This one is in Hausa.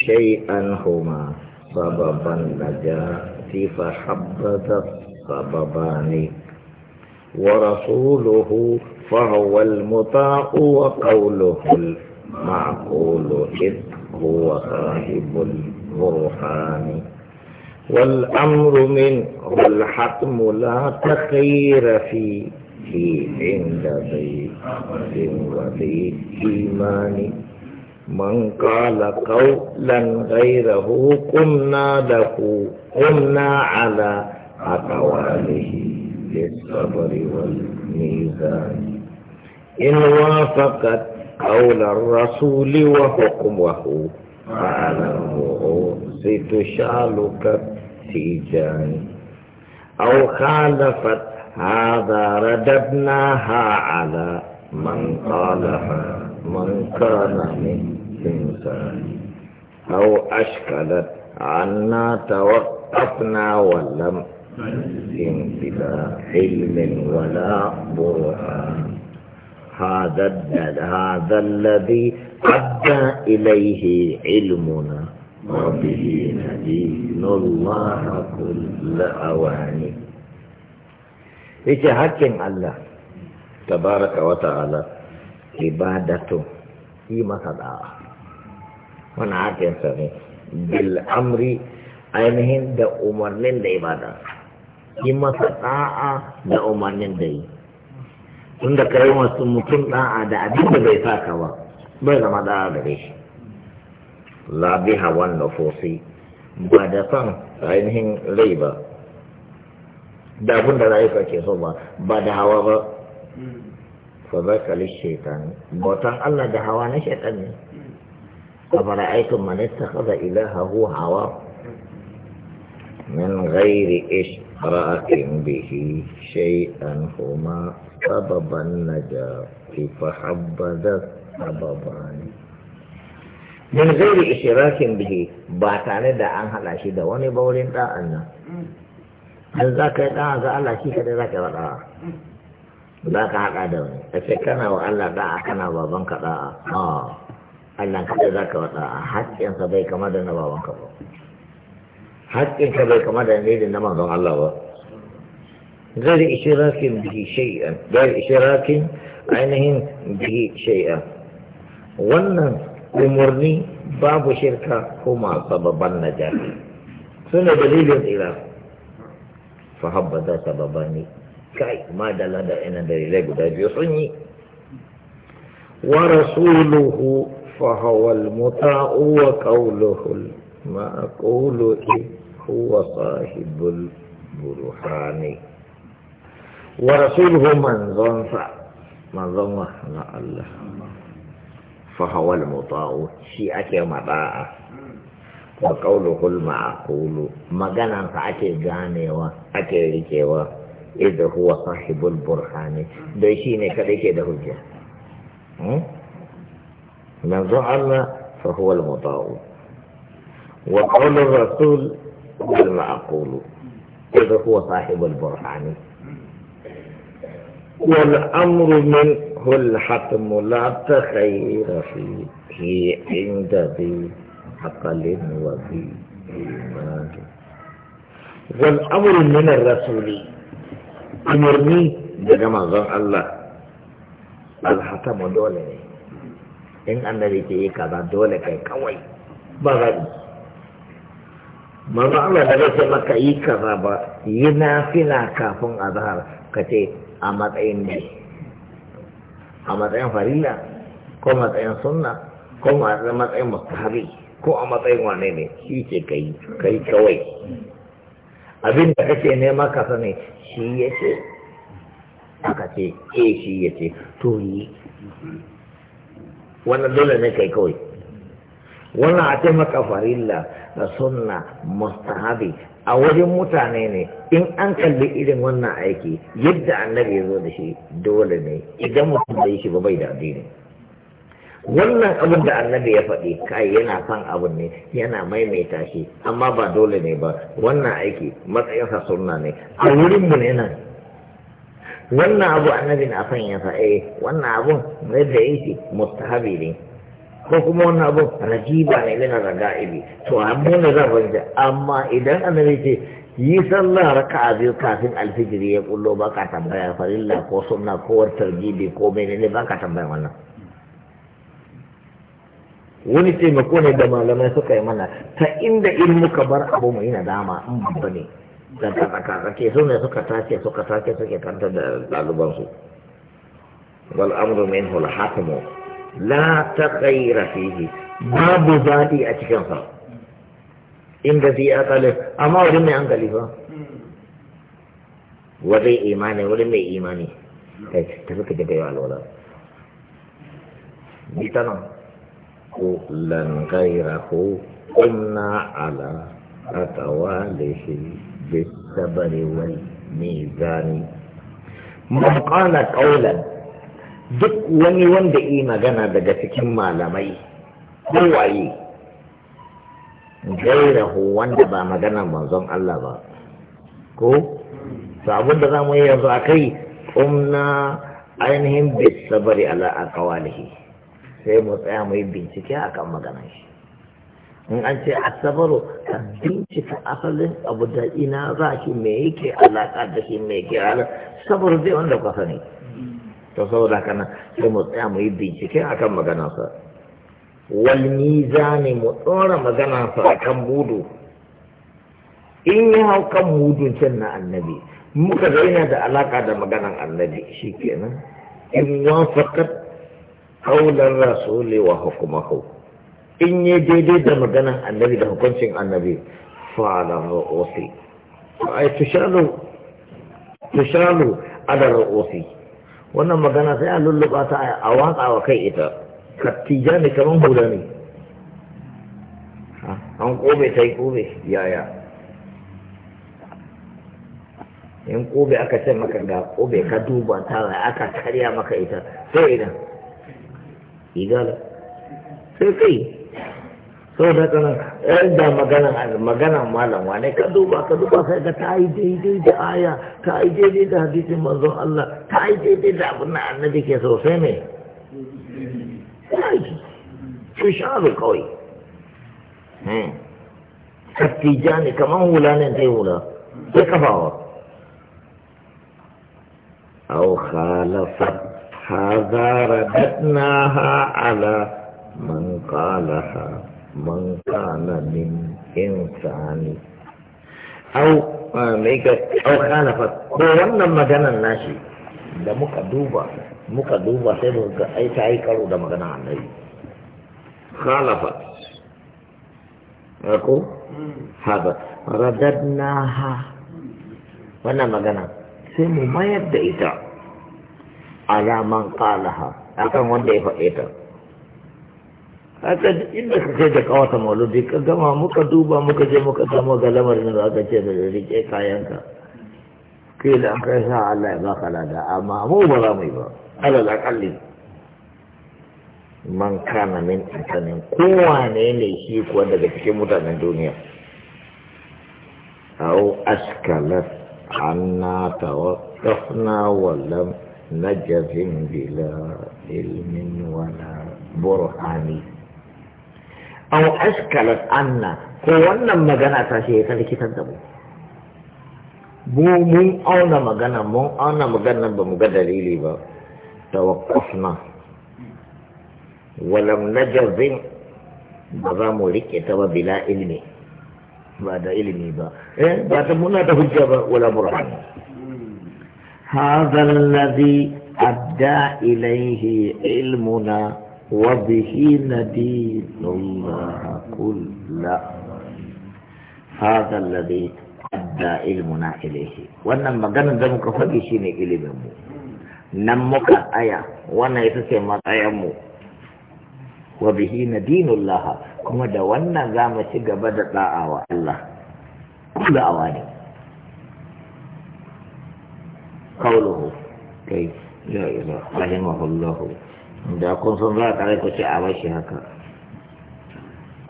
شيئا هما سببا نجاة فحبذا سببان ورسوله فهو المطاع وقوله المعقول إذ هو صاحب البرهان والأمر منه الحتم لا تخير فيه عند ذي وذي إيمان من قال قولا غيره قمنا له قمنا على أقواله بالصبر والميزان إن وافقت قول الرسول وحكمه الرؤوس ستشالك سيجان أو خالفت هذا رددناها على من قالها من كان منه الإنسان أو أشكلت عنا توقفنا ولم نجزم بلا علم ولا برهان هذا هذا الذي أدى إليه علمنا وبه ندين الله كل أواني إيش الله تبارك وتعالى عبادته في مسألة Mana sa ne bil amri ainihin da umarnin da ibada yi masa da'a da umarnin da yi tun da kare masu mutum da'a da abin da bai saka ba bai zama da'a da shi la bi hawan fosi ba da son ainihin rai ba da abin da rayuka ke so ba ba da hawa ba hmm. fa zaka lishaitan bautan Allah da hawa na shaitan ne أفرأيتم من اتخذ إلهه هواه من غير إشراك به شيئا هما سبب النجاة فحبذت سببان من غير إشراك به باتاني دا أنها لا شيء دا واني بولين دا أنا هل ذاك دا ذا الله شيء كده ذاك ولا ذاك حق أدوني أشكنا وألا دا أكنا وبنك دا آه Allah kaɗai za ka wata a haƙƙinsa bai kama da na ka ba haƙƙinka bai kama da ne da na manzon Allah ba غير ishirakin به shay'an, غير ishirakin ainihin bihi shay'an. wannan umarni babu shirka ko ma sababan najati suna dalilin tsira fa habbata sababani kai ma da lada ina dalilai guda biyu sun yi wa rasuluhu فهو المطاع وقوله المعقول إذ هو صاحب البرهان ورسوله من ظنفع من ظنفع الله فهو المطاع شيء مطاع وقوله المعقول مغانا فأكي غاني وأكي ريكي إذا هو صاحب البرهان ده شيء نكريكي ده هجة من زعل فهو المطاع وقول الرسول المعقول إذا هو صاحب البرهان والأمر منه الحتم لا تخير فيه عند ذي عقل وفي إيمان والأمر من الرسول أمرني بجمع الله الحتم دولني in annabi ke yi kaza dole kai kawai ba zabi manzo Allah da zai maka yi kaza ba yi nafila kafin azhar ka ce a matsayin ne a matsayin farila ko matsayin sunna ko matsayin mustahabi ko a matsayin wane ne shi ce kai kai kawai abin da kake nema ka sani shi yace aka ce eh shi yace to yi wannan dole ne kai kawai wannan a taimaka farilla da sunna mustahabi a wajen mutane ne in an kalli irin wannan aiki yadda annabi ya zo da shi dole ne idan mutum bai shi ba bai da addini wannan abin da annabi ya faɗi kai yana san abin ne yana maimaita shi amma ba dole ne ba wannan aiki matsayinsa sunna ne a wurinmu ne nan wannan abu annabi na son ya sa eh wannan abun na da yake mustahabi ne ko kuma wannan abun rajiba ne min raga'ibi to amma ne za ku amma idan annabi ce yi sallah a biyu kafin alfijiri ya kullo ba ka tambaya farilla ko sunna ko wartar jibi ko menene ba ka tambaya wannan wani taimako ne da malamai suka yi mana ta inda ilmuka muka bar abu mai yi dama in babba ne da tsakatsake su ne suka tace suka sake suke kanta da ɗalibansu wal amru min hul hatimu la ta tsaira fihi babu zaɗi a cikin cikinsa inda fi akali amma wurin mai hankali ba wurin imani wurin mai imani kai tafi ka da yawa alwala ni ta nan ko lan gaira ko inna ala shi أقواله wal والميزان من qala قولا duk wani wanda yi magana daga cikin malamai ko kowaye gairahu wanda ba magana manzon Allah ba ko to abin da zamu yi yanzu a kai umna ainihin bisabari ala aqwalihi sai mu tsaya mu yi bincike akan maganar shi in an ce asabaru ka bincika asalin abu da ina za shi me yake alaƙa da shi mai yake alaƙa saboda zai wanda kwasa ne to saboda haka nan sai mu tsaya mu yi bincike akan maganarsa wal ne mu tsora maganarsa a kan budu? in yi hau kan mudun can na annabi muka ga yana da alaƙa da maganar annabi shi kenan in wafakat haular rasuli wa hukumahu in yi daidai da maganan annabi da hukuncin annabi fa'ala ru'usi ai tushalu tushalu ala ra'osi wannan magana sai a lullaba ta a watsa wa kai ita kattija ne kaman hula ne an kobe ta yi kobe yaya in kobe aka ce maka ga kobe ka duba ta aka karya maka ita sai idan igala sai kai sau da kana yan da magana magana malam wane ka duba ka duba sai ga ta yi daidai da aya ta yi daidai da hadisin manzon Allah ta yi daidai da abin da annabi ke so sai ne su sharu kawai tattija ne kamar hula ne ta yi hula sai kafawa au khalafat hadara datnaha ala man qalaha man kana min insani au mai ka au kana fa ko wannan maganan nashi da muka duba muka duba sai mu ga ai ta yi karo da maganan annabi khalafa ko hada radadnaha wannan magana sai mu mayar da ita alaman kalaha akan wanda ya faɗe ta haka inda ka kai da kawata mauludi ka gama muka duba muka je muka samu ga lamarin da aka ce da rike kayanka kai da aka yi sa Allah ya baka lada amma mu ba za mu yi ba alal akalli man kana min insanin kowane ne shi kuwa daga cikin mutanen duniya askalat anna عنا توقفنا ولم نجزم bila ilmin wala burhani aw askalat anna ko wannan magana ta shi ya likitan da mu mu mun auna magana mun auna magana ba mu ga dalili ba tawaqqafna walam najazim ba za mu rike ta ba bila ilmi ba da ilimi ba eh ba ta muna da hujja ba wala burhan hadha alladhi adda ilayhi ilmuna وبه ندين الله كل هذا الذي أدى علمنا إليه wannan maganar da muka faɗi shine ilimin mu nan muka tsaya wannan ita ce matsayin mu wa bihi nadinullah kuma da wannan za mu ci gaba da da'awa Allah da'awa ne kauluhu kai da kun san za a kare ku ce a bashi haka